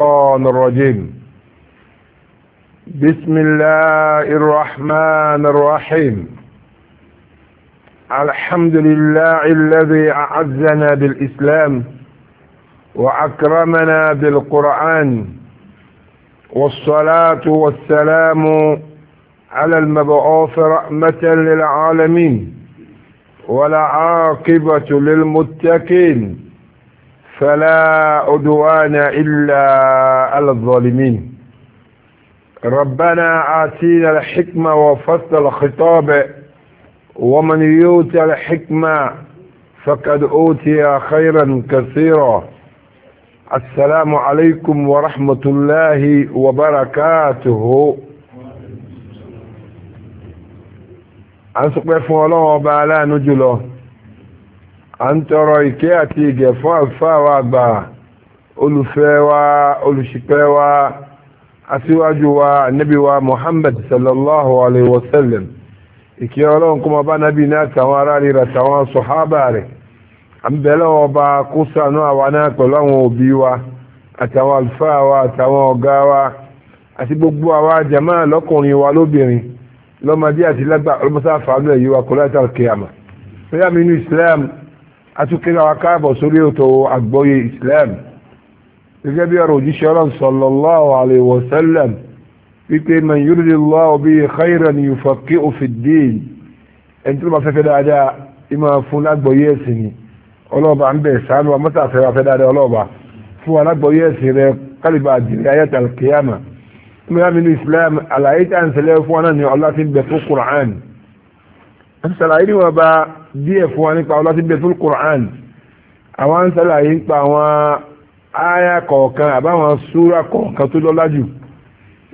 الشيطان الرجيم بسم الله الرحمن الرحيم الحمد لله الذي أعزنا بالإسلام وأكرمنا بالقرآن والصلاة والسلام على المبعوث رحمة للعالمين ولا عاقبة للمتقين فلا عدوان إلا على الظالمين ربنا آتينا الحكمة وفصل الخطاب ومن يؤتى الحكمة فقد أوتي خيرا كثيرا السلام عليكم ورحمة الله وبركاته أنسق بفعله وبعلا نجله à ń tọrọ ìkẹ́ àti ìgẹ̀ fún àlùfáà wa àgbà olùfẹ́ wa olùṣìpẹ̀ wa aṣíwájú wa ànábì wa Muhammad sallallahu alaihi wa sallam ìkẹ́ ọlọ́run kó máa bá nábì náà tàwọn ará rí ra tàwọn sọ̀hábà rẹ̀ àbẹ̀lẹ̀ ọba kó sànú àwa náà pẹ̀lú àwọn òbí wa àtàwọn àlùfáà wa àtàwọn ọ̀gá wa àti gbogbo àwa jàmáà lọ́kùnrin wa lóbìnrin lọ́mọdé àti lágbà ọlọ́mọsáfà lóye wa kò láti àkèyàmà bóyá mi ní Islam atukira wa káàbọ̀ sórí ètò àgbọ́yé islam gẹ́gẹ́ bí ọ̀rọ̀ òjíṣẹ́ ọlọ́run sallallahu alayhi wa sallam wípé man yuridillahu bihi khayran yufaqihu fid din ẹni tí ó bá fẹ́fẹ́ dáadáa ìmọ̀ fún lágbọ́yé ẹ̀sìn ni ọlọ́ọ̀bà ń bẹ̀ sánú amọ́tà fẹ́ wa fẹ́ dáadáa ọlọ́ọ̀bà fún wa lágbọ́yé ẹ̀sìn rẹ kálíbà àdìrí ayat al ìmọ̀ yàmínú islam àlàyé tí a ń sẹlẹ̀ fún wa náà ni ọlá ń bẹ fún Qur'an àti sàlàyé ní wọn bá díẹ̀ fún wa nípa ọlọ́tí bẹ́ẹ̀ fún Qur'an àwọn ń sàlàyé nípa àwọn áyà kọ̀ọ̀kan àbáwọn súra kọ̀ọ̀kan tó lọ́lá jù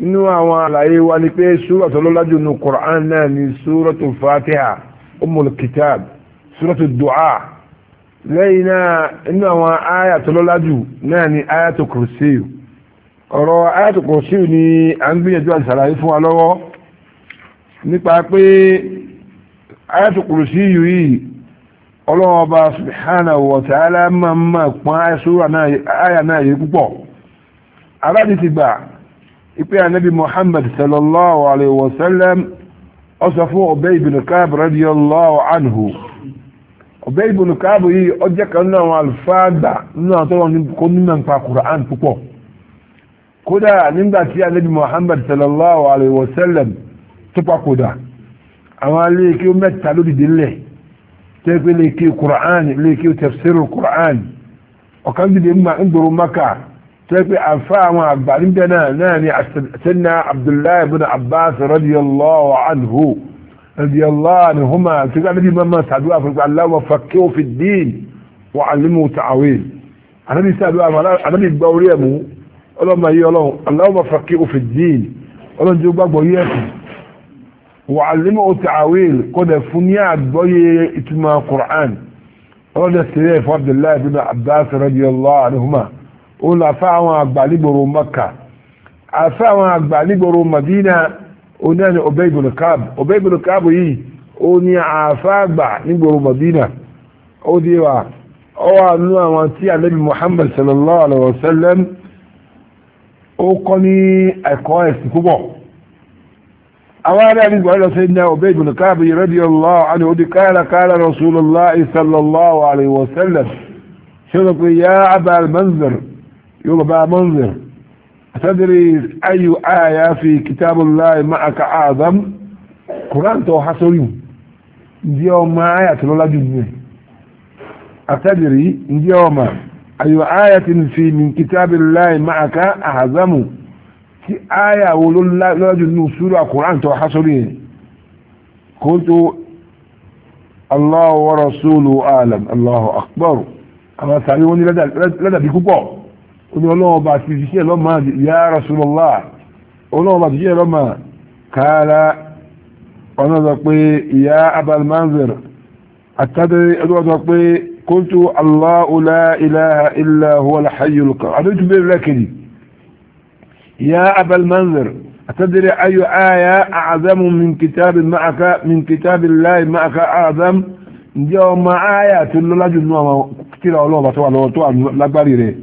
nínú àwọn àlàyé wa ni pé súra tó lọ́lá jù nù Qur'an náà ni súra tó Fatiha Ummul Kitab súra tó du'a lẹ́yìn náà nínú àwọn áyà tó lọ́lá náà ni áyà tó kùrùsíù ọ̀rọ̀ áyà tó kùrùsíù ni à ń gbìyànjú àti sàlàyé fún wa lọ́wọ́ nípa pé ayatu kursiyu yìí ọlọ́wọ́ ọba subhanahu wa ta'ala máa máa pọ́n àyà náà yìí púpọ̀ aláàdì ti gbà ìpé ànábì muhammad sallallahu alayhi wa sallam ó sọ fún Ubay ibn Ka'b kódà nígbà ànábì muhammad sallallahu alayhi wa tó pa àwọn alẹ́ kí ó mẹ́ta ló dìde ńlẹ̀ tẹ́ pé lè kí kùránì lè kí tafsiru kùránì ọ̀kan dìde ń gbòòrò maka tẹ́ pé àfa àwọn àgbà níbẹ̀ náà náà ni sẹ́nà abdullahi ibn abbas radiyallahu anhu radiyallahu anhuma tí ká níbi mọ́mọ́ sàdúrà fún allahumma faqqihhu fi ddin wa 'allimhu ta'wil ànábì sàdúrà fún ànábì gbà orí ẹ̀mú ọlọ́mọ yìí ọlọ́run allahumma faqqihhu fi ddin gbàgbọ́ yẹ́sìn وعلمه التعاويل قد فنيا بي اتما قرآن رد السليف فرد الله بن عباس رضي الله عنهما قول أفاهم أقبالي برو مكة أفاهم أقبالي برو مدينة ونان أبي بن كعب أبي بن كعب يي oni àfáàgbà nígboro Madina ó dé wa ó wà nínú àwọn tí ànábì Muhammad sallallahu alaihi wasallam ó kọ́ أولا رزق على سيدنا عبيد بن كعب رضي الله عنه قال قال رسول الله صلى الله عليه وسلم شرط يا أبا المنذر يربى منذر تدري أي آية في كتاب الله معك أعظم قرآن توحصرين يوم آية لولا جنة أتدري يوم أي آية في من كتاب الله معك أعظم tí áyà wo ló lọ́jọ́ nínú súrà Kùránì tó hásórí yẹn kó tó Allahu wa rasuluhu alam Allahu akbar àwọn sàbí wọn ní lẹ́dàbí púpọ̀ ó ní ọlọ́wọ́ bá ti fi ṣe lọ́mọ ya Rasulullah ọlọ́wọ́ bá ti ṣe lọ́mọ kààlà ọ̀nà sọ pé ya Abal àtàdé ọdún sọ pé kuntu Allahu la ilaha illa huwa al-hayyul qayyum bẹ́ẹ̀ rẹ̀ kejì يا أبا المنذر أتدري أي آية أعظم من كتاب معك من كتاب الله معك أعظم جو يوم آية تلولا جنوة كتير الله بطوع الله بطوع لبريره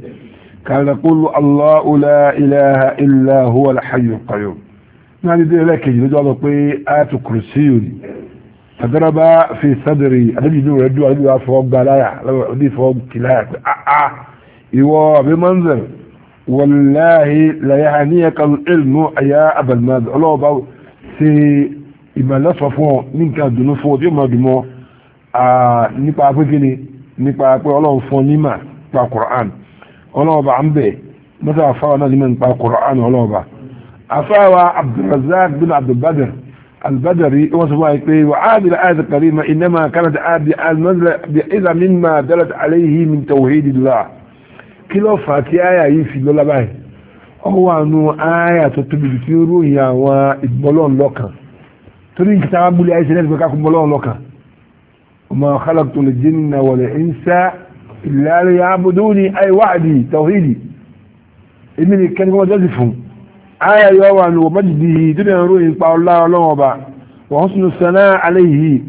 كان يقول الله لا إله إلا هو الحي القيوم نعني دي لك يجب أن آية كرسي فضرب في صدري أدري جنوة رجوع رجوع فوق بلايا رجوع فوق كلايا أه أه إيوه بمنظر wàláhì làyàhàníyàkà ilmu àyà abàlmàdì ọlọ́ọ̀bá ṣe ìmọ̀lẹ́sọ̀ fún ọ ní nǹkan dùnú fún ọ tí ó máa dùn mọ́ nípa pé kí ni nípa pé ọlọ́run fún nímà pa Qur'an ọlọ́ọ̀bá à ń bẹ̀ mọ́tà àfáwà náà nímà nípa Qur'an ọlọ́ọ̀bá àfáwà Abdulrazak bin Abdulbadr albadari wọ́n sọ wáyé pé wà áàbì láàyè kí ló fà á tí àyà yìí fi lọ́lá báyìí ọ wà nù àyà tó tóbi tí ó ròyìn àwọn ìgbọ́lọ́n lọ́kàn torí nǹkan tá a búlé ayé sẹ́lẹ̀ pé káàkó gbọ́lọ́n lọ́kàn ọmọ khalaqtu al-jinna wal-insa illa liya'buduni ay wahdi tawhidi èmi ni kẹ́ni kọ́mọ jọ́sì fún àyà yọ wà nù ọmọ jìdì yìí tó dẹ̀ ròyìn pa ọlá ọlọ́wọ́n ọba wa husnu sanaa alayhi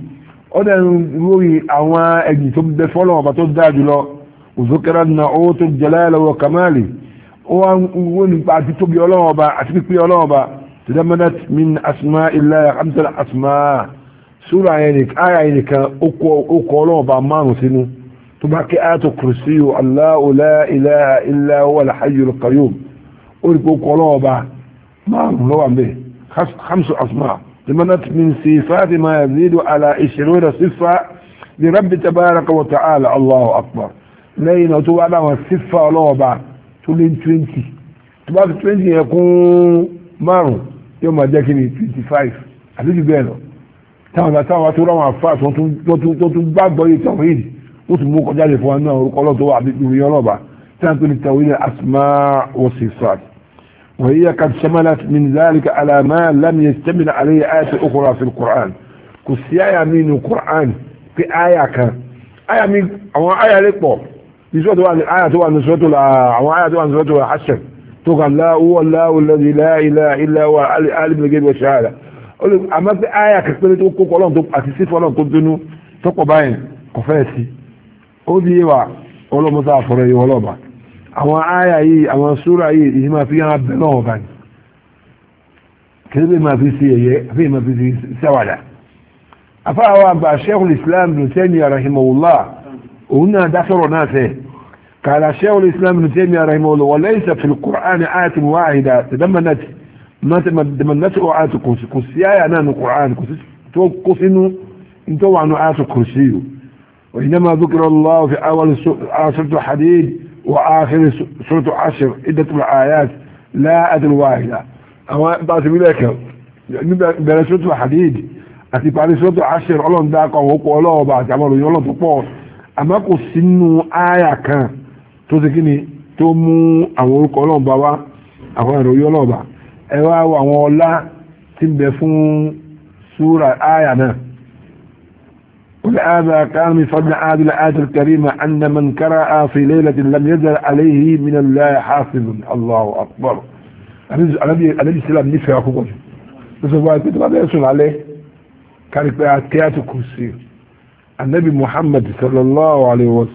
ó dẹ̀ ròyìn àwọn ẹ̀gbìn tó bẹ fọ́lọ́wọ́n ọba tó dáa jùlọ وذكر النعوت الجلال وكماله وان بعد تبي الله با اتبي الله با تضمنت من اسماء الله خمس الاسماء سورة يعني آية يعني أكو أكو لهم بأمانه سنو تبحكي آية كرسي الله لا إله إلا هو الحي القيوم أولك أكو لهم بأمانه لو عم به خمس أسماء تمنت من صفات ما يزيد على عشرون صفة لرب تبارك وتعالى الله أكبر lẹ́yìn náà tó wá láwọn sífà ọlọ́ọ̀ba tó lé twenty tó bá fi twenty yẹn kún márùn yóò máa jẹ́ kí ni twenty five àti jù bẹ́ẹ̀ lọ táwọn ìgbà táwọn tó ráwọn àfáà tó tún gbàgbọ́ yìí tàwọn yìí ó tún mú kọjá lè fún wa náà orúkọ ọlọ́tọ̀ àbí ìròyìn ọlọ́ọ̀ba tí wọ́n pè ní tàwọn ilẹ̀ asma wasifat وهي قد شملت من ذلك على ما لم يشتمل عليه آية أخرى في القرآن كسي آية من القرآن في آية كان آية من أو آية لقبه ìṣòro tó wà ní àyà tó wà ní sọ́tò àwọn àyà tó wà ní sọ́tò àṣẹ tó kà láwù aláwù lẹ́dí láìlá ilá wa alìbẹ̀gẹ́ wọ̀ ṣáàlà àmọ́ pé àyà kẹpẹ́rẹ́ tó kókó ọlọ́run tó àti sí fọlọ́run tó bínú tọ́pọ̀ báyìí kò fẹ́ sí ó di wa ọlọ́mọta àfọ̀rọ̀ yìí ọlọ́ba àwọn àyà yìí àwọn súra yìí ìyí máa fi hàn bẹ́ẹ̀ náà báyìí kìlíbẹ̀ máa fi sí ẹ̀yẹ àfi máa fi sí sáwàdà afáwọn àgbà Sheikhul Islam Ibn Taymiyyah rahimahullah òun náà dá sọ̀rọ̀ náà sẹ́yìn قال شيخ الإسلام ابن تيمية رحمه الله وليس في القرآن آية واحدة تدمنت ما تدمنت آية كرسي كرسي آية أنا القرآن كرسي توقف إنه انتوا عن آية كرسي وإنما ذكر الله في أول سورة حديد وآخر سورة عشر عدة الآيات لا آية واحدة أما بعد ذلك بلا سورة حديد àti parí sọ́tọ̀ àṣẹ ọlọ́run dákọ̀ òkú ọlọ́ọ̀bà àti àwọn olóyìn ọlọ́tọ̀pọ̀ àmọ́ kò sínú áyà kan tó ti kíni tó mú àwọn orúkọ ọlọ́ọ̀bá wá àwọn ìròyìn ọlọ́ọ̀bá ẹ wá wo àwọn ọlá tí ń bẹ fún súra áyà náà ولهذا كان من فضل هذه الآية الكريمة أن من كرأ في ليلة لم يزل عليه من الله حافظ الله أكبر النبي السلام نفع أكبر lọ́sọ̀gbọ́n àti tọ́lá bẹ́ẹ̀ sùn lálẹ́ kárí pé àti àti kùsì ànábì muhammad sallallahu alayhi wa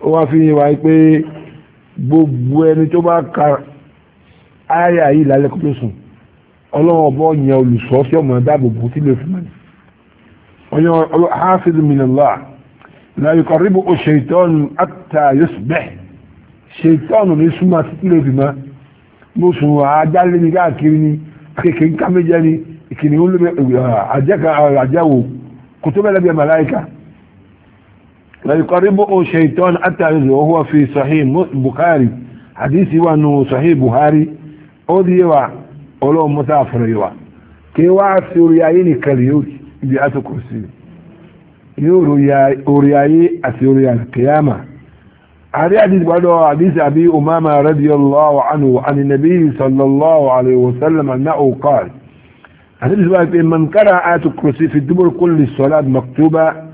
ó wá fi wá pé gbogbo ẹni tó bá ka àyà yìí lálẹ́ kó tó sùn ọlọ́run ọbọ̀ yẹn olùsọ́ sí ọmọ dáàbò bò sí ilé fún mi ọyọ hafiz minallah la yuqarribu ash-shaytan hatta yusbih ṣètọ́nù ní súnmọ́ títí lè fi mọ́ mo sùn àjálé ní káàkiri ní kéèké ń ká méjẹ́ ní ìkìnnìún lóbi àjẹ́wò kò tó bẹ́ẹ̀ lẹ́bi ẹ̀ màláìka لا يقربه شيطان حتى وهو في صحيح بخاري حديثي وانه صحيح بخاري أودي وا أولو مسافر وا كي وا سوريايين كاليوت بيعت كرسي يورياي أسوريا القيامة هذا حديث بعده حديث أبي أمامة رضي الله عنه عن النبي صلى الله عليه وسلم أنه قال حديث من قرأ آية الكرسي في الدبر كل الصلاة مكتوبة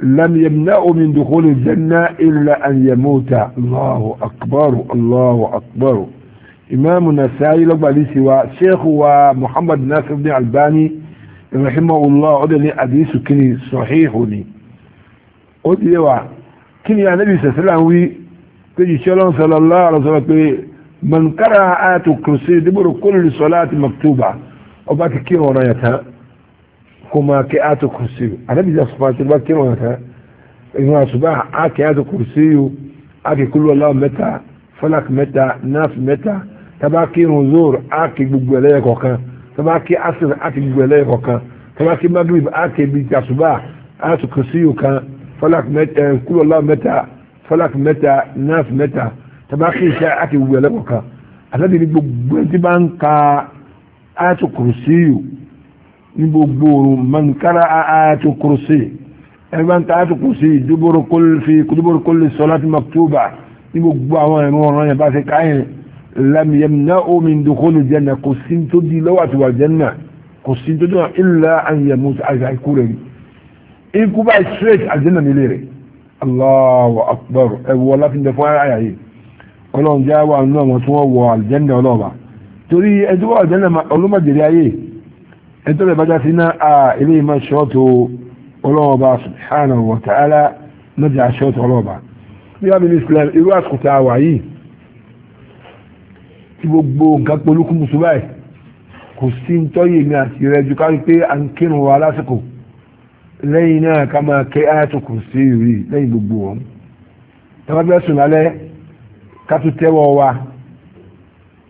لم يمنعوا من دخول الجنة إلا أن يموت الله أكبر الله أكبر إمام نسائي لقبالي سوى شيخ محمد ناصر بن الباني رحمه الله عدني أديس كني صحيحني أدني كني يا نبي صلى الله عليه وسلم تجي شلون صلى الله عليه وسلم من قرأ آية الكرسي دبر كل صلاة مكتوبة وباك كيرو رايتها kó máa kí àtò kùrùsí o ànábì ìjà sọ̀rọ̀ àti bá kírun àtà ìwọ̀n àṣùbà á kí àtò kùrùsí o á kí kúlú ọlá mẹ́ta falak mẹ́ta náàfì mẹ́ta tábà kírun zor á kí gbogbo ẹlẹ́yẹ kọ̀ọ̀kan tábà kí asir á kí gbogbo ẹlẹ́yẹ kọ̀ọ̀kan tábà kí magrib á kí ibi ìjà àṣùbà àtò kùrùsí o kan falak mẹ́ta eh, kúlú ọlá mẹ́ta falak mẹ́ta náàfì mẹ́ta tábà kí iṣẹ́ á kí gbogbo ẹlẹ́yẹ kọ̀ọ̀kan àtàbí ní gbogbo ẹni tí bá ń ka àtò kùrùsí o ní gbogbo oòrùn mọ̀nkára ààtò kùrùsì ẹgbẹ́ ń ta ààtò kùrùsì dúbòrò kólé sọlá ti maktuba ní gbogbo àwọn ẹ̀rọ ọ̀rọ̀ yẹn bá ṣe káyìn lamiyam náà omi dùkọ́lù jẹ́nà kò sí tó di lọ́wọ́ àti wà jẹ́nà kò sí tó dùn ilà àyẹ̀mú àìkú rẹ̀ ni ikú bá straight àjẹ́nà nílé rẹ̀ Allahu akbar ẹ̀wọ̀ láti dẹ̀ fún yìí ọlọ́run jẹ́ àwọn àwọn tí wọ́n wọ àjẹ́nà ọlọ́ọ̀bà torí ẹjọ́ àjẹ́nà olómọ̀jẹ̀rẹ̀ ayé ẹ̀tọ́ rẹ̀ bájá sí náà à ilé ìmọ̀ ṣọ́ọ̀tù ọlọ́ọ̀bá subhanahu wa ta'ala mẹ́jọ ṣọ́ọ̀tù ọlọ́ọ̀bá bí wàá mímí sílẹ̀ irú àsìkòtà wà yìí tí gbogbo nǹkan polúkú mùsùlùmá ẹ̀ kò sí ń tọ́yè mi àti rẹ̀ ju ká pé à ń kírun wa lásìkò lẹ́yìn náà ká máa kẹ́ ààtò sí ìrì lẹ́yìn gbogbo wọn tàbí bẹ́ẹ̀ lálẹ́ ká tún tẹ́wọ́ wa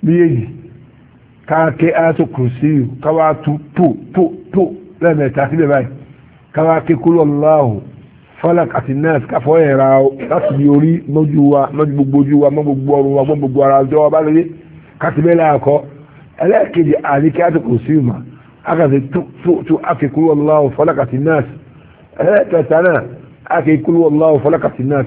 bí èyí káàkiri ayatò kùrùsí yìí káwá tu tó tó tó lẹ́ẹ̀mẹ́ta síbẹ̀ báyìí káwá ké kúlọ̀ láàhù falak àti nas káfọ́ ẹ̀ra láti di orí lójú wa lójú gbogbo ojú wa mọ́ gbogbo ọrùn wa mọ́ gbogbo ara ọjọ́ wa bá lóye káti bẹ́ẹ̀ láàkọ́ ẹlẹ́ẹ̀kejì àríkí ayatò kùrùsí yìí mà akàtì tó tó tó àkè kúlọ̀ falak àti nas ẹlẹ́ẹ̀kẹta náà àkè kúlọ̀ falak àti nas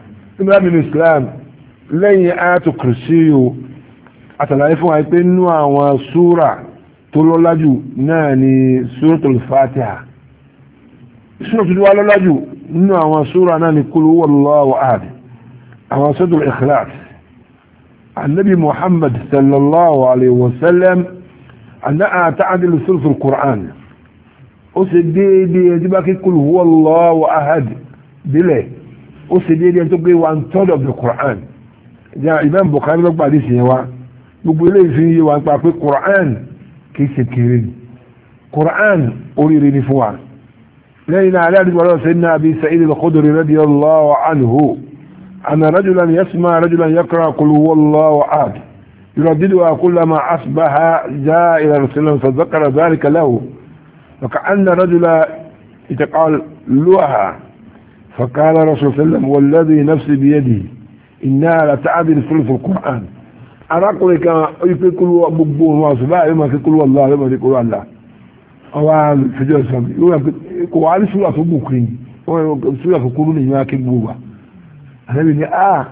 ìmọ̀ àmì Islam lẹ́yìn ayatu kìrìsíyò àtàlàyé fún wa pé nínú àwọn súra tó lọ́lájú náà ni suratul Fatiha súra tó wá lọ́lájú nínú àwọn súra náà ni kúlù wallahu ahad àwọn suratul Ikhlas annabi Muhammad sallallahu alaihi wasallam annaha ta'dilu suratul Qur'an ó sì déédéé ẹjọ́ bá kí kúlù wallahu ahad bílẹ̀ ó ṣe déédé ẹni tó gbé one third of the Quran ìjà Imam Bukhari ló pàdé sí yẹn wa gbogbo eléyìí fi yé wa pa pé Quran kì í ṣe kéré ni Quran oríire ni fún wa lẹ́yìn náà aláàdúgbò ọlọ́run ṣe ní Abi Sa'id al-Khudri radiyallahu anhu أن رجلا يسمع رجلا يقرأ قل هو الله أحد يرددها كلما أصبح جاء إلى رسول الله فذكر ذلك له وكأن رجلا يتقال لها فقال رسول الله والذي نفسي بيدي إنها لتعدل ثلث القرآن أراقلك يقول ببون واصبع يما يقول والله لما يقول الله أوان في جلسة يقول علي سورة بكرين سورة كلون ما كبوبة أنا بني آه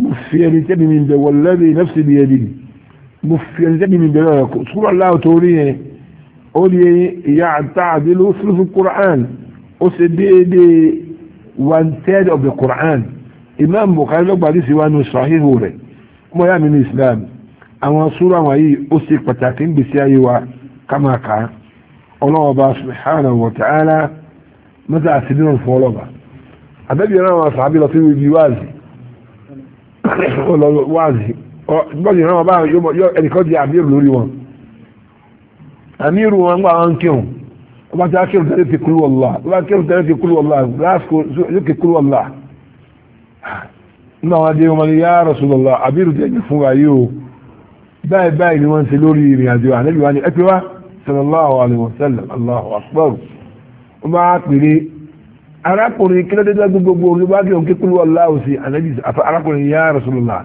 مفيني تبي من ده والذي نفسي بيدي مفيني تبي من ده سورة الله توريه أولي يعتعدل ثلث القرآن أسدي one third of the Quran Imam Bukhari ló gbàdí sí wa nù sahihu rẹ̀ mo ní Islam àwọn súra wọ̀nyí ó sì pàtàkì ń gbèsè ayé wa kàmáka ọlọ́ọ̀ba subhanahu wa ta'ala mẹ́ta àṣírí náà fún ọlọ́ọ̀ba ẹ̀rọ àwọn lọ sí ibi wáàzì wáàzì ẹnìkan di wọn kuma ta kírun tẹ́lẹ̀ ti kúrú ọ̀la kuma kírun tẹ́lẹ̀ ti kúrú ọ̀la lásìkò lókè kúrú ọ̀la nínú àwọn adé wọn ni yá Rasulullah abiru tẹ́ ẹ̀jẹ̀ fún wa yìí o báyìí báyìí ni wọ́n ń ṣe lórí ìrìn àjò ànábì wa ni ẹ pé wá sallallahu alayhi wa sallam allahu akbar wọ́n bá pèrè arákùnrin kí ló dé dágbé gbogbo orí wá kí òun kí kúrú ọ̀la ò sí ànábì àfa arákùnrin yá Rasulullah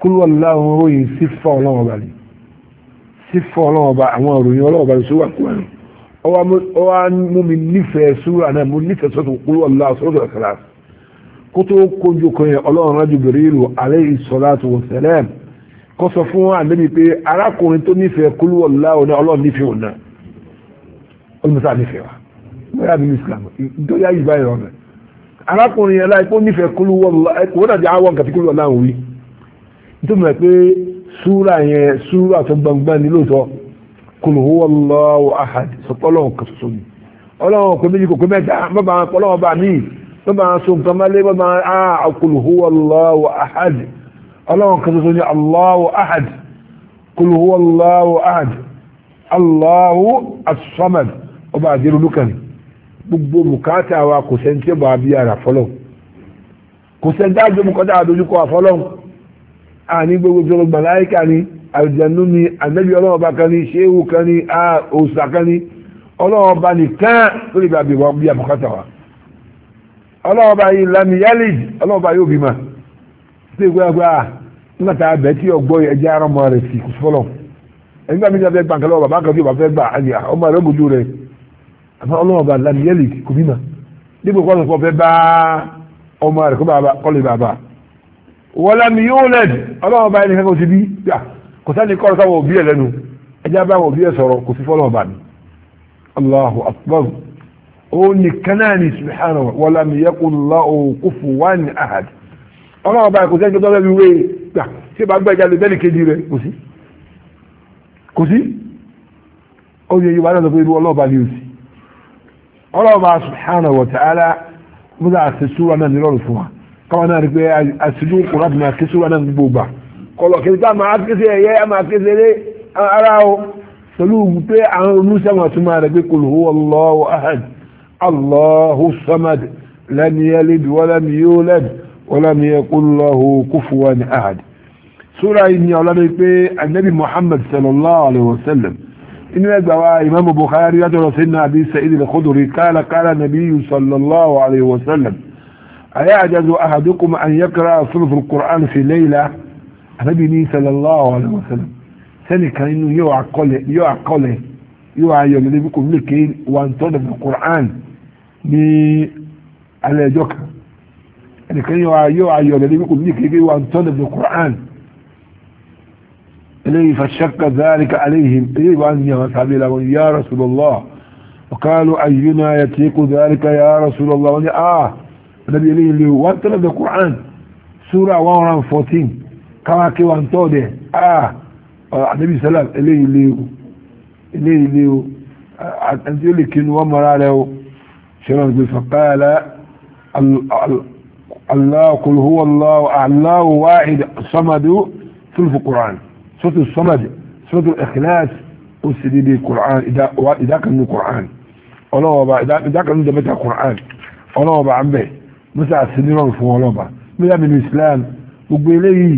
kúrú ọ̀la òun ròyìn sífọ̀ ọlọ́wọ́ balẹ̀ sífọ̀ ọlọ́wọ́ balẹ̀ àwọn òròyìn ọlọ́wọ́ balẹ̀ sówà kúrò ọwá mú mi nífẹ̀ẹ́ súra náà mú nífẹ̀ẹ́ sọ́tún kúrú ọ̀la sọ́tún ẹ̀kẹ́lá kó tó kojú kan yẹn ọlọ́run rájú bèrèlù alayhi salatu wa salam kó sọ fún ànábì pé arákùnrin tó nífẹ̀ẹ́ kúrú ọ̀la ọ̀nà ọlọ́run nífẹ̀ẹ́ ọ̀nà olùmọ̀sá nífẹ̀ẹ́ wa bóyá bí islam ìdóyà yìí báyìí rọ̀ mẹ́ arákùnrin yẹn láì pé kul huwa Allahu ahad sọpọ́lọ́ nǹkan ṣoṣo ni ọlọ́run kò méjì kò pé mẹ́ta bàbá ọlọ́run bá mi bàbá so nǹkan má lé bàbá a kul huwa Allahu ahad ọlọ́run kan ṣoṣo ni Allahu ahad kul huwa Allahu ahad Allahu as-samad ọba àdìrú lukàn gbogbo bùkátà wa kò sẹ́ńtì bàbá bí ara fọlọ́ kò sẹ́ńtì àjọ bùkátà àdójúkọ àní gbogbo ìjọba gbàláìkà ni àjẹnú ni ànẹ́bí ọlọ́ọ̀bá kan ni ṣéwù kan ni òòsà kan ni ọlọ́ọ̀bá nìkan tó lè bàbí wọn bí àbùkátà wa ọlọ́ọ̀bá yìí lami yálì ọlọ́ọ̀bá yóò bímọ tó ìgbé àgbà ah, nígbà tá a bẹ̀ tí ọgbọ́ ẹja ara ọmọ rẹ̀ sì kù fọlọ́ ẹgbẹ́ mi jáde gbàǹkà lọ́wọ́ bàbá kan tí bàbá fẹ́ gbà àyà ah, ọmọ rẹ̀ gbòjú rẹ̀ ọlọ́ọ̀bá lami yálì kò bímọ wọ́lámi yóò lẹ́dì ọlọ́run ọba ẹni kankan ti bí kò sẹ́ni kọ́ sáwọn òbí ẹ̀ lẹ́nu ẹjẹ́ bá àwọn òbí ẹ̀ sọ̀rọ̀ kò sí fọ́lọ́ ọba allahu akbar ó nìkan náà ní subhanahu wọ́lámi yẹ́kùn lọ́ọ̀ ní ahad ọlọ́run ọba kò sẹ́ni mi wé gbà tí bá gbẹ́jà lè bẹ́ẹ̀ kejì rẹ̀ kò sí kò sí ó yẹ yorùbá náà sọ pé irú ọlọ́ọ̀ba ni òsì subhanahu wa ta'ala mú káwọn náà rí pé àṣìjú kùnà àti máa kéṣe wà náà gbogbo gbà kọlọ kí n ká máa kéṣe ẹyẹ a máa kéṣe eré ara o pẹ̀lú pé àwọn oníṣẹ́wọ̀n tún máa rẹ̀ pé kul huwa Allahu ahad Allahu samad lam yalid wa lam yulad wa lam yakul lahu ahad sura yìí ni ọlọ́dọ̀ pé anabi muhammad sallallahu alayhi wa sallam inú ẹgbà wa imam bukhari yàtọ̀ rọ̀ sínú abi sa'id al-khudri qala qala sallallahu alayhi wa sallam أيعجز أحدكم أن يقرأ صلف القرآن في ليلة أبي صلى الله عليه وسلم سنة كانوا يوعى قوله يوعى قوله يوعى يوم اللي بيكم لكين وان تضف القرآن على جوكا يعني كان يوعى يوع يوم اللي بيكم لكين وان تضف القرآن إليه فشك ذلك عليهم إليه وان يوصحبه لهم يا رسول الله وقالوا أينا يتيق ذلك يا رسول الله وان آه anabi eléyìí lè wọ́n tẹ́lẹ̀ the Quran sura one hundred and fourteen káwá kí wọ́n tọ́ dẹ̀ ah anabi ah, salam eléyìí lè o eléyìí lè o àti ah, ah, ó lè kinu wọ́n mọ̀ra rẹ̀ o ṣẹlẹ̀ ní fàkàlà Allah kul huwa Allah Allah wahid samadu sulfu Quran sulfu samadu sulfu ikhlas أسدي القرآن إذا إذا كان القرآن الله إذا إذا كان دمت القرآن الله بعمه musa àsìníràn fún ọlọ́ba mílíọ̀nù nínú islam gbogbo eléyìí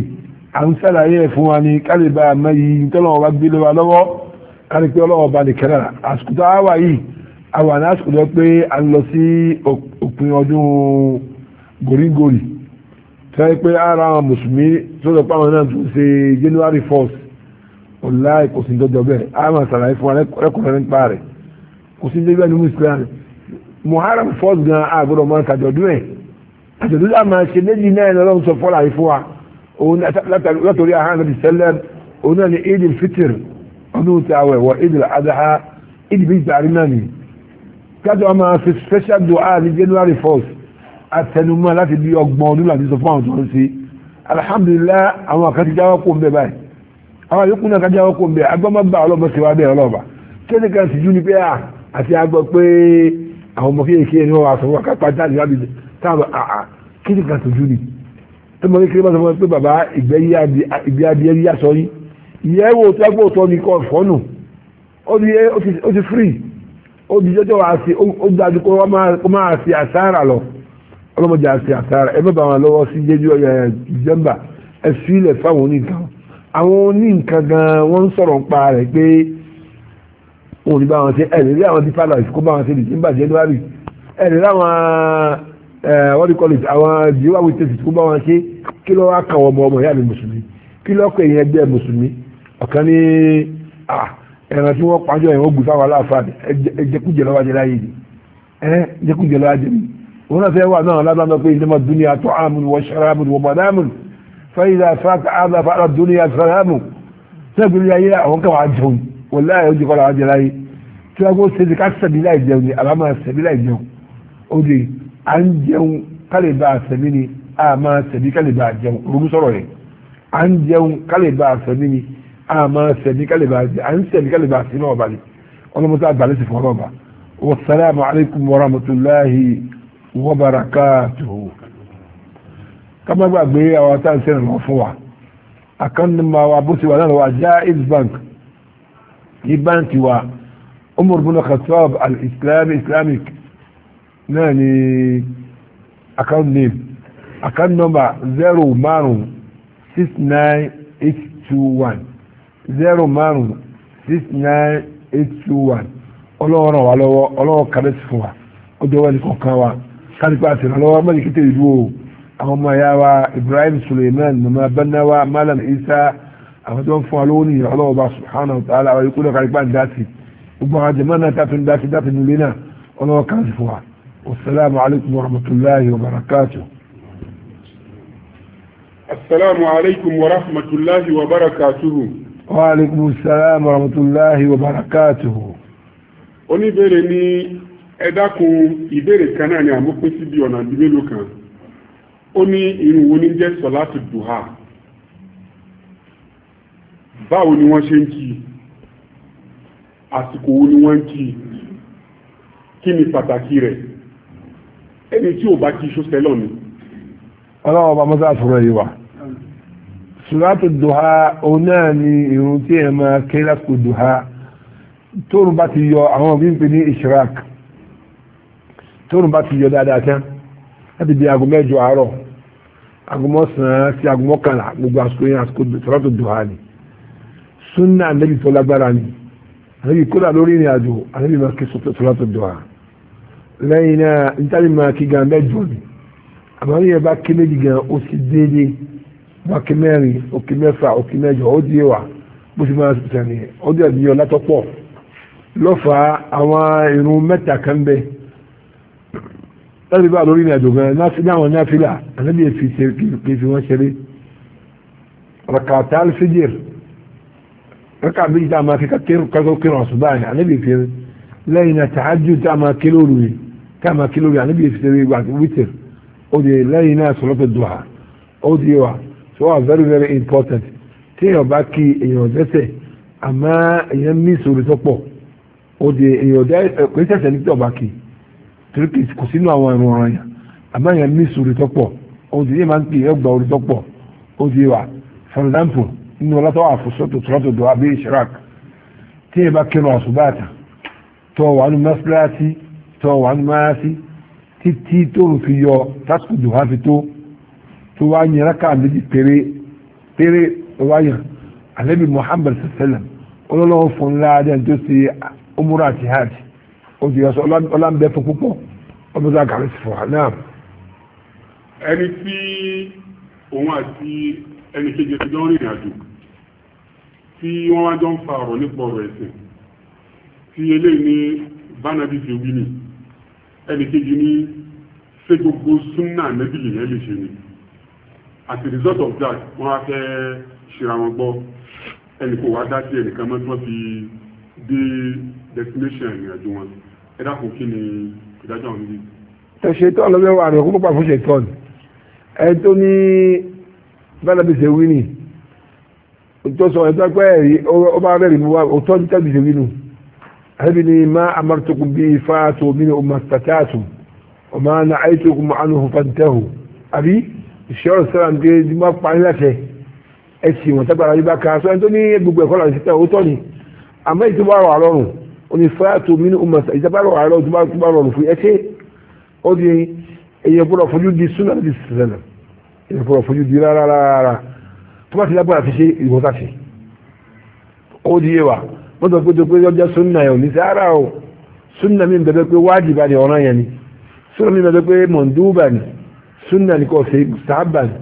à ń sàlàyé ẹ̀ fún wa ní kálíbà àmọ́yí tọ́lọ́wọ́ bá gbélé wa lọ́wọ́ kálípẹ́ ọlọ́wọ́ bá nìkan náà àsìkò tó wá yìí àwọn àná àsìkò tó pé à ń lọ sí òpin ọdún gòrígòrí tó yẹ pé ara àwọn mùsùlùmí tó lọ pàwọn náà tún ṣe january 1st ọ̀la kò sí dọ́jọ́ bẹ́ẹ̀ àwọn àsàlàyé fún wa rẹ́kùnrin nípa rẹ̀ kò sí àtẹ̀dú àmà ṣe méjì náà lọ́wọ́ sọ fọ́lá ìfọ́ wa látọ̀rí àhán àti sẹ́lẹ̀ òun náà ni ìdí fitr ọdún tí a wẹ̀ wọ ìdí àdáhà ìdí bí ìgbà náà ni kájọ àmà ṣe special dua ní January 4th àtẹnumọ́ láti bí ọgbọ̀n ọdún láti sọ fún àwọn tó ń ṣe alhamdulillah àwọn àkàtì jáwọ́ kó ń bẹ báyìí àwọn yòókù náà kájá ọkọ̀ bẹ̀ agbọ́mọ́gbà ọlọ́mọ sí wa bẹ́ẹ̀ táàbà àà kí ni kan tójú ni tó mọ kékeré bá sọ fún mi pé bàbá ìgbé adìẹ yíyá sọ yí ìyẹ́ wo tó ẹgbẹ́ òtọ́ ni kọ́ fọ́nù ó ti free ó di jọjọ wa ṣe ó dájú kó wọ́n máa ṣe àṣàrà lọ ọlọ́mọdé àṣe àṣàrà ẹ bẹ́ẹ̀ bá wọn lọ́wọ́ sí jẹ́jú ọ̀yà December ẹ sílẹ̀ fáwọn oníkan àwọn oníkan gan wọ́n ń sọ̀rọ̀ pa rẹ̀ pé wọn ò ní bá wọn ṣe ẹ̀rí rí àwọn dípàlà ìfikún bá wọn ṣe December January ẹ̀rí rí àwọn Eh, what wọ́n ti kọ́lù àwọn jíwá wítẹ́sì tó bá wọn ṣe kí ló wá kàwọ́ ọmọ ọmọ ìyá mi mùsùlùmí kí ló kọ èyàn ẹgbẹ́ mùsùlùmí ọ̀kan ní ẹ̀ràn tí wọ́n pàjọ ẹ̀wọ̀n gbù fáwọn aláàfáà ẹjẹkújẹ lọ́wọ́ jẹ láyé ni ẹjẹkújẹ lọ́wọ́ jẹ mi òun náà fẹ́ wà náà lábàá pé ìjọba dúnìyà tó àmùn wọ ṣàràmùn wọ bàdámùn fẹ́yìlá fáàkà àdá fáàkà dúnìyà ṣàràmùn sẹ́gbẹ̀rẹ̀ ayé àwọn kan wàá jẹun wọ́n láyé ojú kọ́ làwọn jẹ láyé tí wọ́n kó ṣe ti ká sẹ̀bí láì jẹun ni àbámọ̀ sẹ̀bí láì jẹun ó dé à ń jẹun kálíbà àsẹ̀mí ni a máa sẹ̀mí kálíbà jẹun ronú sọ̀rọ̀ rẹ̀ à ń jẹun kálíbà àsẹ̀mí ni a máa sẹ̀mí kálíbà à ń sẹ̀mí kálíbà àsẹ̀mí náà balẹ̀ ọlọ́mọdé àgbàlẹ̀ sì fọ́ ọlọ́ba wasalaamu alaykum wa rahmatulahi wa barakatuhu. kama gbàgbé àwọn tá à ń sẹ́nu lọ fún wa àkànnìmọ̀ àwọn abúṣe wa náà lọ́wọ́ Jaiz Bank ní báńkì wa Umar bin Khattab al-Islami Islamic náà ni account name account number zero márùn six nine eight two one zero márùn six nine eight two one ọlọ́wọ́ ràn wá lọ́wọ́ ọlọ́wọ́ kàdẹ́sì fún wa ó jọ wá ní kọ̀ọ̀kan wa kálípà àti ìrànlọ́wọ́ mẹ́rin kété ìlú o àwọn ọmọ ẹ̀yà wa ibrahim suleiman mama banawa malam isa àwọn tó ń fún wa lówó nìyẹn ọlọ́wọ́ bá subhanahu wa ta'ala àwọn ikú lọ́kàrí pàǹdà sí gbogbo àwọn jẹ̀mọ́ náà tá a tún dá sí dá sí nílé náà ọlọ́wọ́ kan sí fún wa. والسلام عليكم ورحمة الله وبركاته السلام عليكم ورحمة الله وبركاته وعليكم السلام ورحمة الله وبركاته oníbèrè ní ẹ dákun ìbéèrè kan náà ni àmúpín sí bí ọ̀nà àbí mélòó kan ó ní irun wo ní jẹ́ sọ̀láàtù dùhà báwo ni wọ́n ṣe ń kí àsìkò wo ni wọ́n ń kí kí ni pàtàkì rẹ̀ ẹni tí ò bá kí iṣó sẹ́lọ̀ ni. ọlọ́wọ́ bá mọ́tà sọ̀rọ̀ yìí wá sùràtù dùhà òun náà ni irun tí ẹ máa ké lásìkò dùhà tóun bá ti yọ àwọn òbí ń pè ní ìṣirak tóun bá ti yọ dáadáa tán láti di aago mẹ́jọ àárọ̀ aago mọ́sàn-án sí aago mọ́kànlá gbogbo àsìkò yẹn àsìkò sùràtù dùhà ni sunna anabi tó lágbára ni anabi kódà lórí ìrìn àjò anabi máa ké sùràtù dùhà lẹ́yìn náà nítorí máa kí gan mẹ́jọ ni àmọ́ yẹn bá kí méjì gan ó sì déédé bá kí mẹ́rin ó kí mẹ́fà ó kí mẹ́jọ ó di wà bó ti máa sẹ̀rìn ó di àdìyàn látọ́pọ̀ lọ́fà àwọn irun mẹ́ta kan bẹ́ẹ̀ láti bá lórí ìrìnàjò gan láwọn náfìlà ànábì èfi kí fi wọ́n ṣeré rakata alfijir raka méjì tá máa fi kírun báyìí ànábì èfi lẹ́yìn náà tàájú máa kí lóru yìí كما كيلو يعني بيستوي بعد ويتر ودي لاي ناس صلاة الضحى ودي وا سواء very very important تي او باكي ايو جسه اما يمي سوري توبو ودي ايو جاي كنت سنك تو باكي تركي كوسينو او ايرانيا اما يمي سوري توبو ودي ما انت يغبا وري توبو ودي وا for example انه لا تعرف صوت صلاة الضحى باشراك تي باكي نو صباتا تو وانو مسلاتي tó wà ní máa sí títí tó ń fi yọ tásìkò dùn fi tó tó wá yẹn rákà méjì péré péré wá yẹn alẹ́bí fún ńlá tó ṣe umura àti hajj ó ti yọ sọ ọlámbẹ fún púpọ̀ ọmọdé àgàrí sí náà. ẹni tí òun àti ẹni kejì rìnrìn àjò ẹnì kejì ní ṣé gbogbo súnà nẹ́bí yẹn lè ṣe ni as a result of that wọ́n á fẹ́ ṣera wọn gbọ́ ẹnì kò wá dá sí ẹnìkan mọ́ tí wọ́n fi dé destination ìrìnàjò wọn ẹ dákun kí ni ìdájọ́ àwọn méjì. ẹ ṣetán lọ́wọ́ àrùn òkú pàpà fún ṣetán ẹ tó ní bẹ́ẹ̀ bí ṣe wí ni tó sọ ẹ tó pẹ́ ẹ̀rí ó bá rí mu wá òtọ́ ní tẹ́bí ṣe wí هبني ما أمرتكم به فاتوا منه ما استطعتم وما نعيتكم عنه فانتهوا أبي الشيخ السلام دي دي ما فعل لك ẹ̀sì wọn tábàrà yìí bá ka sọ ẹni tó ní gbogbo ẹ̀kọ́ làwọn ìṣẹ́ta òótọ́ ni àmọ́ èyí tó bá rọ̀ àlọ́run ó ní fáàtò mí ní ọmọ ìṣẹ́ bá rọ̀ àlọ́run tó bá rọrùn fún ẹ̀ṣẹ́ ó di èyàn gbọ́dọ̀ fojú di súnà di sẹ̀lẹ̀ èyàn gbọ́dọ̀ fojú di rárá rárá tó bá ti lágbára ti ṣe ìwọ́sàṣe ó di yé wa wọ́n sọ pé tó pé ọjọ́ súnà ẹ̀ ò sí ara o súnà mi bẹ̀rẹ̀ pé wájìbá ni ọ̀ràn yẹn ni súnà mi bẹ̀rẹ̀ pé mọ̀ndúbà ni súnà ni kò sí sábà ni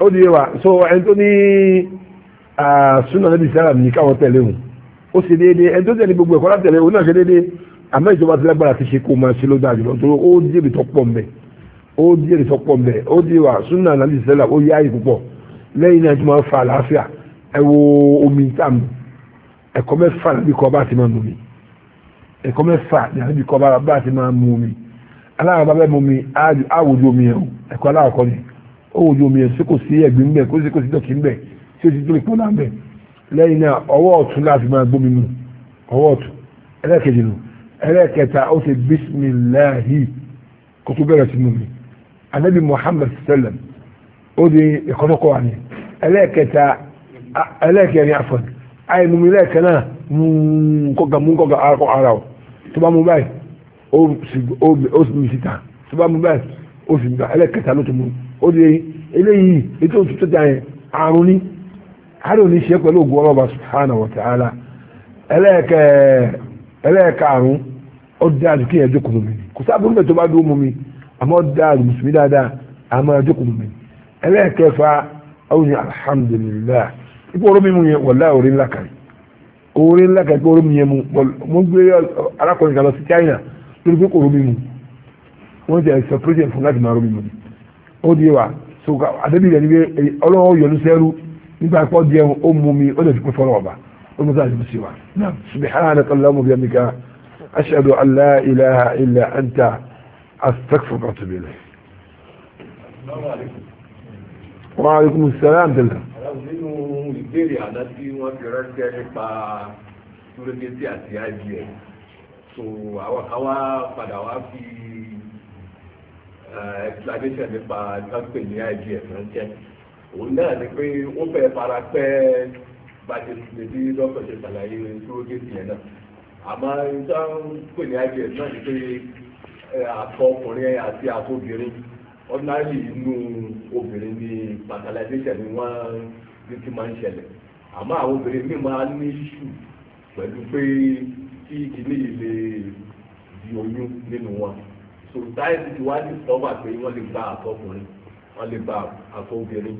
ó di wa so ẹni tó ní súnà níbi sára ní káwọn tẹ̀lé òun ó ṣe déédéé ẹni tó tẹ̀lé gbogbo ẹ̀kọ́ láti tẹ̀lé òun náà ṣe déédéé àmọ́ ìjọba ti lágbára ti ṣe kó máa ṣe ló dáa jùlọ tó ó dé ibi tó pọ̀ mbẹ́ ó dé ibi tó pọ̀ mbẹ́ ó di wa súnà níbi sára ó yá àyè lẹ́yìn náà tí wọ́n fa àlàáfíà ẹ wo omi tá a mú ẹ̀kọ́ mẹ́fà níbi kọ́ bá ti máa mú mi ẹ̀kọ́ mẹ́fà níbi kọ́ bá ti máa mú mi aláwọ̀ bá bẹ́ẹ̀ mú mi àwòjú omi ẹ̀ ẹ̀kọ́ aláwọ̀ kọ́ ni òwòjú omi ẹ̀ sí kò sí ẹ̀gbin ń bẹ̀ kó sí kò sí dọ̀kí ń bẹ̀ tí ó ti tó lè pọ́n náà ń bẹ̀ lẹ́yìn náà ọwọ́ ọ̀tún láti máa gbómi mu ọwọ́ ọ̀tún ẹlẹ́ẹ̀kejì nù ẹlẹ́ẹ̀kẹta ó ṣe bísímìláhì kó tó bẹ̀rẹ̀ sí mi anabi muhammad sallam ó di ẹ̀kọ́ wa ni ẹlẹ́ẹ̀kẹta ẹlẹ́ẹ̀kẹrin afọ́ni ayi mú mi lẹ́ẹ̀kan náà mú kọ́gà mú kọ́gà ara ara o tó bá mú báyìí ó sì mú síta tó bá mú báyìí ó sì ló tó mú ó di eléyìí ètò òtútù jà yẹn àrùn ní àrùn ní ṣe pẹ̀lú ògùn ta'ala ẹlẹ́ẹ̀kẹ́ ẹlẹ́ẹ̀karùn-ún ó dáa ju kí ẹ jókòó mi kò sábà tó bá dúró mú mi àmọ́ ó mùsùlùmí dáadáa àmọ́ ẹ ipò oró mímu yẹn wọ̀lá orí ńlá kan orí ńlá kan ipò oró mímu yẹn mu mo gbé uh, arákùnrin kan lọ sí China lórí pé oró mímu wọ́n ti sọ president fún láti máa oró mímu ni ó di wa so àdébí rẹ̀ ni pé ọlọ́wọ́ yọlu sẹ́rú nígbà pọ́ di ẹ̀hún ó mú mi ó lè fi pé fọlọ́ ọba ó mú sáà ti sí wa subhanaka Allahumma bihamdika ashhadu an la ilaha illa anta astaghfiruka wa atubu ilayk. Wa alaykum assalam nínú ìbéèrè àná tí wọ́n fi ránṣẹ́ nípa túrégétì àti ibm so àwọn kan wá padà wá fi eh, explanation nípa tọ́pẹ̀ ní ibm ránṣẹ́ òun náà ni pé ó fẹ́ fara pẹ́ bàtẹ́ lèdí lọ́pọ̀ ṣe ṣàlàyé túrégétì yẹn náà àmọ́ ìtàn pè ní ibm náà ni pé eh, àtọkùnrin àti àtobìnrin ordinarily inú obìnrin ni fertilization ni wọ́n ní ti máa ń ṣẹlẹ̀ àmọ́ àwọn obìnrin míì máa ní ṣù pẹ̀lú pé kí kìíní yìí lè di oyún nínú wọn society ti wá ní sọ́wọ́ pé wọ́n lè gba àtọkùnrin wọ́n lè gba àtọ obìnrin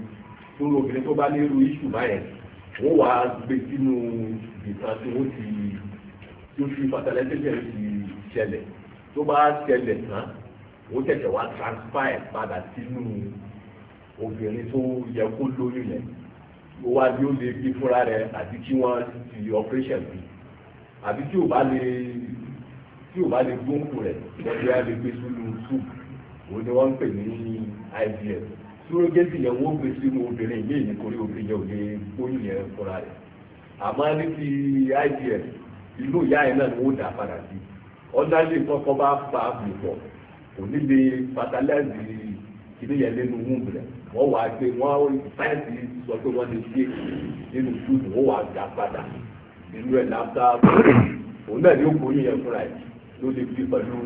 lórí obìnrin tó bá ní irú iṣu báyẹn wọ́n wá gbé sínú ìtàn tí wọ́n ti tí ó fi fertilization ti ṣẹlẹ̀ tó bá ṣẹlẹ̀ tán ó tẹ̀sẹ̀ wá transfer padà sínú obìnrin tó yẹ kó lóyún yẹn ó wá bí ó lè bí fúnra rẹ̀ àti kí wọ́n ti operation bí àbí tí ò bá lè tí ò bá lè gbóǹkù rẹ̀ lọ́dún yà lè gbé sínú soup òun ni wọ́n ń pè ní IVF surrogacy yẹn wọ́n gbé sínú obìnrin yìí ní korí obìnrin yẹn ò lè gbóyún yẹn fúnra rẹ̀ àmọ́ ní ti IVF ìlú ìyá yẹn náà ni wọ́n dà padà sí ọ̀dájú ìkọ́kọ́ bá fa àbùkù kò ní lè fatalize kìíní yẹn lẹ́nu wúmù rẹ̀ wọ́n wàá gbé wọ́n sáyẹ́ǹsì sọ pé wọ́n lè ṣe nínú túbù wọ́n wàá gbà padà nínú ẹ̀ láfta òun náà ni ó kó yíyan fúnra ẹ̀ ló lè fi pẹ̀lú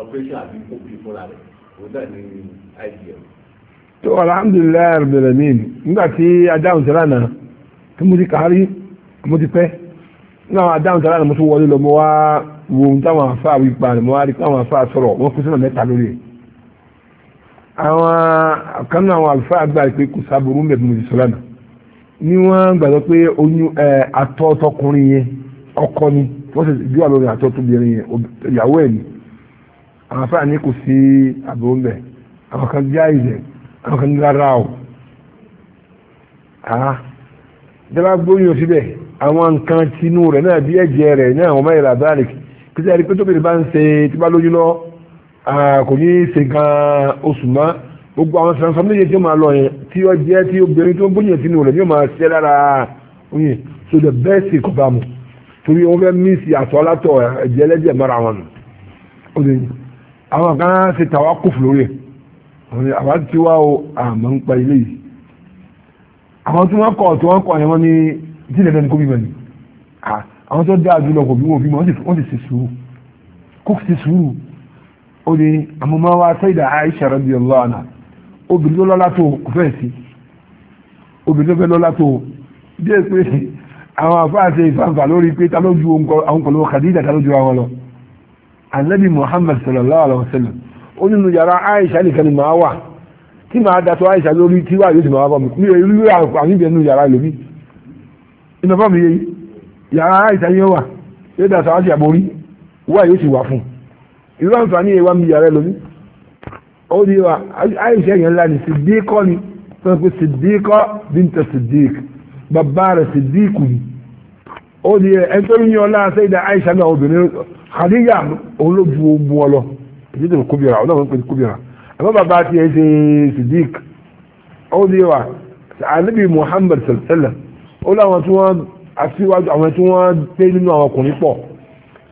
operation àbí kó fi fúnra rẹ̀ òun náà ni idm. tó alhamdulilayi rabbil alamin nígbà tí adáhùn sẹ́lá náà tó mo ti kàárí mo ti pẹ́ náà adáhùn tààrà ni mo tún wọlé lọ mo wá wo ohun táwọn afá wípa ni mo wá rí káwọn afá sọ̀rọ̀ wọ́n kú sínú mẹ́ta lórí ẹ̀ àwọn kan náà àwọn afá gbà pé kò sábòrú mẹ́bí mo ti sọ lánàá ni wọ́n gbàgbọ́ pé oyún àtọ̀ tọkùnrin yẹn ọkọ ni wọ́n sì bí wà lórí àtọ̀ tóbìnrin yẹn ìyàwó ẹ̀ ni àwọn afá ni kò sí àbòrú mẹ́ àwọn kan já ìzẹ̀ àwọn kan ní rárá o àá dábàá gbóyún síbẹ̀ àwọn nǹkan tinú rẹ̀ náà bí ẹ̀jẹ̀ rẹ̀ ní àwọn mẹ́rin ladalik kí sẹ́yìn pé tóbi bá ń ṣe tí bá lóyún lọ kò ní í ṣe gan oṣù mọ́ gbogbo àwọn sàn sàn méje tí ó máa lọ yẹn tí ó jẹ́ tí obìnrin tó ń bóyìn tinú rẹ̀ ni ó máa ṣẹ́ lára oyin so the best kò bá mu torí wọn fẹ́ mísì àtọ́ látọ̀ ẹ̀jẹ̀ ẹlẹ́jẹ̀ mọ́ra wọn nù àwọn kan ṣe tàwa kò fún lórí ẹ̀ àwọn tí wá o àmọ́ ń pa ilé yìí àwọn tí wọ́n kọ̀ tí wọ́n kọ̀ yẹn wọ́n ní ìdílé náà ni kó bímọ ni àwọn tó dáa jùlọ kò bí wọn bímọ wọn sì ṣe sùúrù kó ṣe sùúrù ó ní àmúmáwá sẹ́yìdà Aisha radiyallahu anha obìnrin tó lọ́lá tó kò fẹ́ sí obìnrin tó fẹ́ lọ́lá tó díẹ̀ pé àwọn afáàṣe ìfàǹfà lórí pé ta ló ju àwọn pẹ̀lú Khadija ta ló ju àwọn lọ anabi Muhammad sallallahu alaihi wa sallam ó nínú yàrá Aisha nìkan ni màá wà tí màá dàtọ̀ Aisha lórí tí wà yóò sì máa bọ̀ mi mi ò rí àwọn àmì ìbẹ̀nu yàrá lómi iná bá mi yé yàrá ìtayé wà yóò dà sáwájú àborí wà yóò sì wà fún ìlú àǹfààní ìwà mi yàrá lómi ó di wa àìsẹ́ yẹn ńlá ni sìdíkọ́ ni sọ pé sìdíkọ́ bíntẹ̀ sìdík bàbá rẹ̀ sìdíkù ni ó di ẹni tó ní ọlá sẹ́yìn àìsẹ́ náà obìnrin Khadija òun ló bu ogun ọ lọ èyí tó kóbìrà ọ̀nà òun pè ní kóbìrà àmọ́ bàbá tiẹ̀ ṣe sìdík ó di wa ànábì Muhammad sallallahu alaihi wasallam ó láwọn tí wọ́n aṣíwájú àwọn tí wọ́n pé nínú àwọn ọkùnrin pọ̀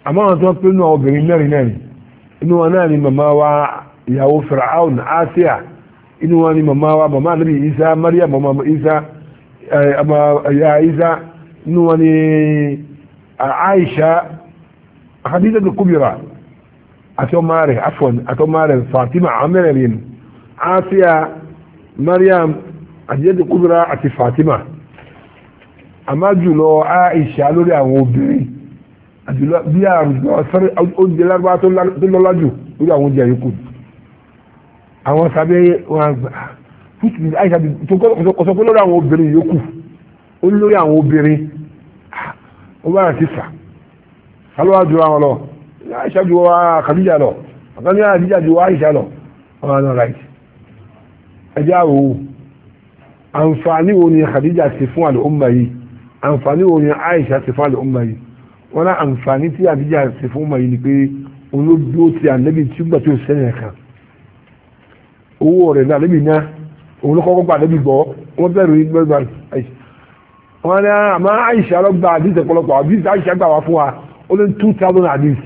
àmọ́ àwọn tí wọ́n pé nínú àwọn obìnrin mẹ́rin mẹ́rin inú wọn náà ni màmá wa ìyàwó Firaun Asia inú wọn ni màmá wa mama Ànábì Isa maria mama Isa ama eh, ya Isa inú wọn ni eh, Aisha Khadija Kubira àti ọmọ rẹ̀ afọn àti Fatima àwọn mẹ́rin Asia Maryam Khadija Kubira ati Fatima àmá jùlọ Aisha lórí àwọn obìnrin àjùlọ bí àrùn sọ́rọ̀ oúnjẹ lágbá tó lọ́lá jù lórí àwọn oúnjẹ yòókù àwọn sábẹ́ wọn gbà fúti Aisha tó kọ́sọ́ pé lórí àwọn obìnrin yòókù ó ní lórí àwọn obìnrin ah, ó bá àti fà sálọ́wà jù àwọn lọ Aisha jù wá Khadija lọ àkàn ní Khadija jù wá Aisha lọ ọmọ náà ráìtì ẹjẹ́ àwòwò àǹfààní wo ni Khadija ti fún àlùmọ̀ yìí àǹfààní wo ni Aisha ti fáàlì ọmọ yìí wọn náà àǹfààní tí àdíjà ti fún ọmọ yìí ni pé olódó ti ànẹ́bí tí gbà tó sẹ́yìn kan owó rẹ̀ náà ànẹ́bí náà òun ló kọ́kọ́ gba ànẹ́bí bọ́ wọ́n bẹ̀rù yìí gbẹ́gbà Aisha wọn náà àmọ́ Aisha lọ gba àdíjà pọ̀lọpọ̀ àdíjà Aisha gbà wá fún wa ó lé two thousand àdíjà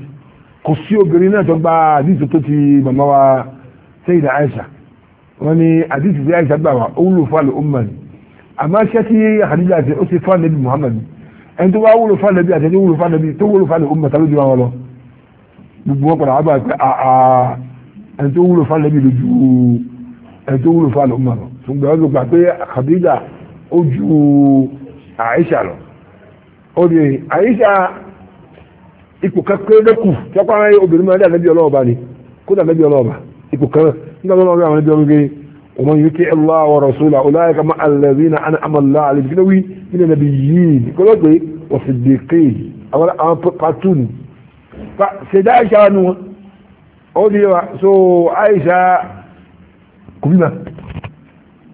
kò sí obìnrin náà tó gba àdíjà tó ti màmá wa sẹ́yìn Aisha wọn ni àdíjà Aisha gbà wá ó wúlò fáàlì ọmọ yìí àmọ́ iṣẹ́ tí àkàdíjà ṣe ó ṣe fún ànábì Muhammad ẹni tó bá wúlò fún ànábì àti ẹni tó wúlò fún ànábì tó wúlò fún ànábì ọmọ tàbí ju wọn lọ gbogbo wọn padà wá gbà pé àà ẹni tó wúlò fún ànábì lójú ẹni tó wúlò fún ànábì ọmọ lọ ṣùgbọ́n wọn gbà pé àkàdíjà ó ju Àìṣà lọ obìnrin Àìṣà ipò kankan lẹ́kù tọ́pọ̀ àwọn obìnrin máa dà lẹ́bí ọlọ́ọ̀bá ni kó dà lẹ́bí ọlọ́ọ̀bá ipò kan nígbà tó lọ́ọ́ ومن يطع الله ورسوله اولئك مع الذين انعم الله عليهم كنوي من النبيين كلوي والصديقين اولا انفقتون فسيدا شانو اودي سو عائشه كبيما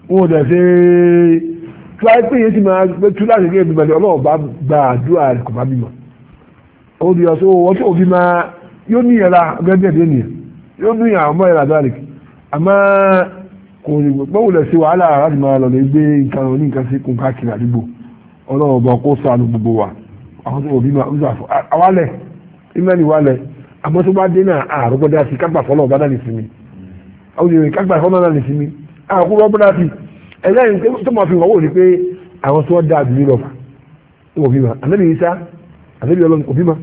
ودا سي try pe yin ti ma pe tu láti ge bi mele Ọlọ́run bá gba àdúrà rẹ̀ kò bá bímọ o di so won to bi ma kò ní gbogbo wùlẹ̀ sí wàhálà láti máa lọ lè gbé nǹkan ní nǹkan sí kún káàkiri àdúgbò ọlọ́run ọba kó sànù gbogbo wa àwọn tó òbí máa ń sàfọ́ àwálẹ̀ ìmẹ́lì wálẹ̀ àmọ́ tó bá dé náà àrùn gbọ́dá sí kágbà fọlọ́ ọba náà lè sinmi àwọn èèyàn kágbà fọlọ́ náà lè sinmi àkú rọ́bọ́dá sí ẹlẹ́yìn tó máa fi wọ́wọ́ ni pé àwọn tó dáa jù lọ òbí ma àmẹ́lì yìí sá àmẹ́lì ọlọ́run òbí ma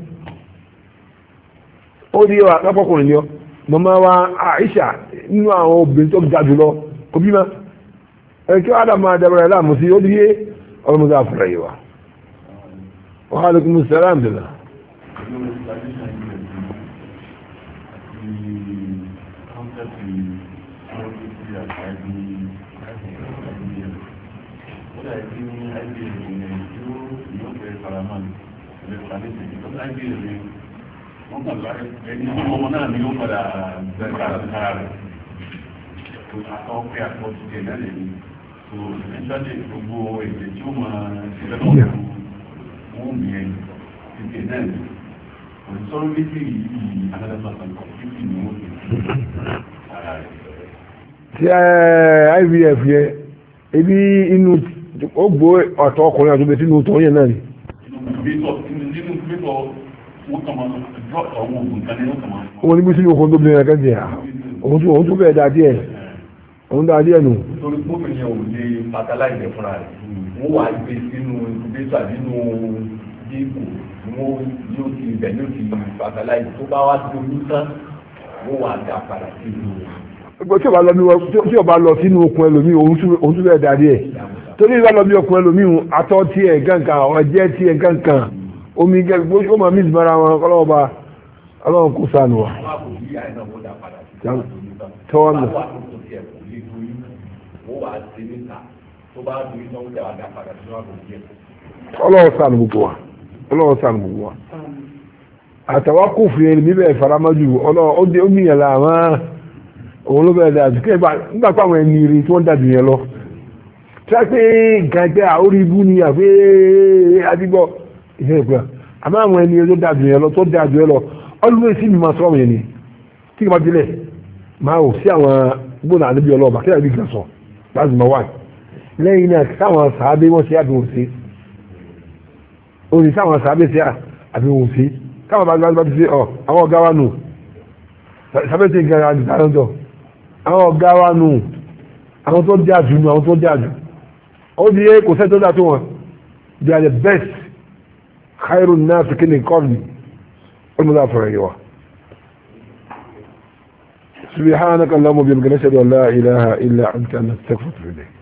ó di wa lápọ̀kùnrin yọ màmá wa Aisha nínú àwọn obìnrin tó dáa jù kò bímọ ẹ kí wàá dà máa dàbẹ̀rẹ̀ láàmú sí ó dìé ọlọ́mọ tó àfẹ́rẹ́ yìí wa. wa alaikum salaam dìlà. Wọ́n kàn lọ ẹni tí ọmọ náà ni ó padà gbẹ̀rẹ̀ ara rẹ̀. tó àtọ́ pé àtọ́ ti tẹ̀ ni tó ìrìnṣẹ́lẹ̀ gbogbo èdè tí ó máa ṣe lọ́wọ́ fún mi ẹ̀ ti tẹ̀ lẹ́lẹ̀ òṣìṣọ́rọ́ méjì yìí adájọ́sọ̀tàn kọ̀ fífi ni ó ti ara rẹ̀. ti IVF yẹ ebi inú ó gbó ọ̀tọ̀ ọkùnrin àti obìnrin sínú tọ́yẹ̀ náà ni. nínú pípọ̀ drop àwọn oògùn kan ní wọ́n kàn máa. wọ́n ní bí sínú okòó tó bìnrin rẹ̀ kẹ́sì yà òun tó bẹ̀rẹ̀ dá díẹ̀ òun dá adé ẹnu. torí gómìnà yẹn ò lè fatalize fúnra rẹ̀ wọ́n wà gbé sínú incubator nínú dínkù wọ́n yóò ti ibẹ̀ yóò ti fatalize tó bá wá doyún tán wọ́n wà dá padà sínú. gbogbo tí o bá lọ mi tí o bá lọ sínú okun ẹlòmíì òun tún bẹ́ẹ̀ darí ẹ̀ torí ìgbà lọ bí okun ẹlòmíì atọ́ tiẹ̀ gànkan ọ̀jẹ́ tiẹ̀ gànkan omi gẹ gbogbo ọmọ mi ìsìnmọ́ra wọn ọlọ́wọ́ bá ọlọ́wọ́ kó sànù wa. tọ́wọ́ mi wà á ṣe níta tó bá dorí náà ó dáwà dá padà sínú àgbòjì ẹ̀. ọlọ́run sàn gbogbo wa ọlọ́run sàn gbogbo wa àtàwọn kò fi ẹni níbẹ̀ faramaju ọlọ́run ó níyàn láàmú òun ló bẹ̀rẹ̀ dáa dùkẹ́ nígbà pàwọn ẹni rí tí wọ́n dàbí yẹn lọ tíwáṣẹ́ nǹkan jẹ́ àórí ibú ni àfi adigbọ́ ìṣẹ́ ìpínlẹ̀ àmọ́ àwọn ẹni tó dàbí yẹn lọ tó dàbí yẹn lọ ọlọ́wọ́ èsì mi máa sọ́ọ̀mù yẹn ni kí n bá délẹ̀ máa wò sí àwọn gbọ́dọ̀ àdébíyẹ lọ́ọ̀bà kí n bá délẹ̀ that's number one lẹ́yìn náà sáwọn sàábé wọ́n ṣe àbí wọ́n ṣe òní sáwọn sàábé ṣe àbí wọ́n ṣe káwọn bá gbàgbà ti ṣe ọ àwọn ọ̀gá wa nù sàábé ṣe nǹkan àdìsá lọ́jọ́ àwọn ọ̀gá wa nù àwọn tó dé àjù nù àwọn tó dé àjù ó di yé kò sẹ́ni tó dá tó wọn they are the best khairun náà fi kí ni kọ́ọ̀lù ó ní mo dá سبحانك اللهم وبحمدك نشهد ان لا اله الا انت نستغفرك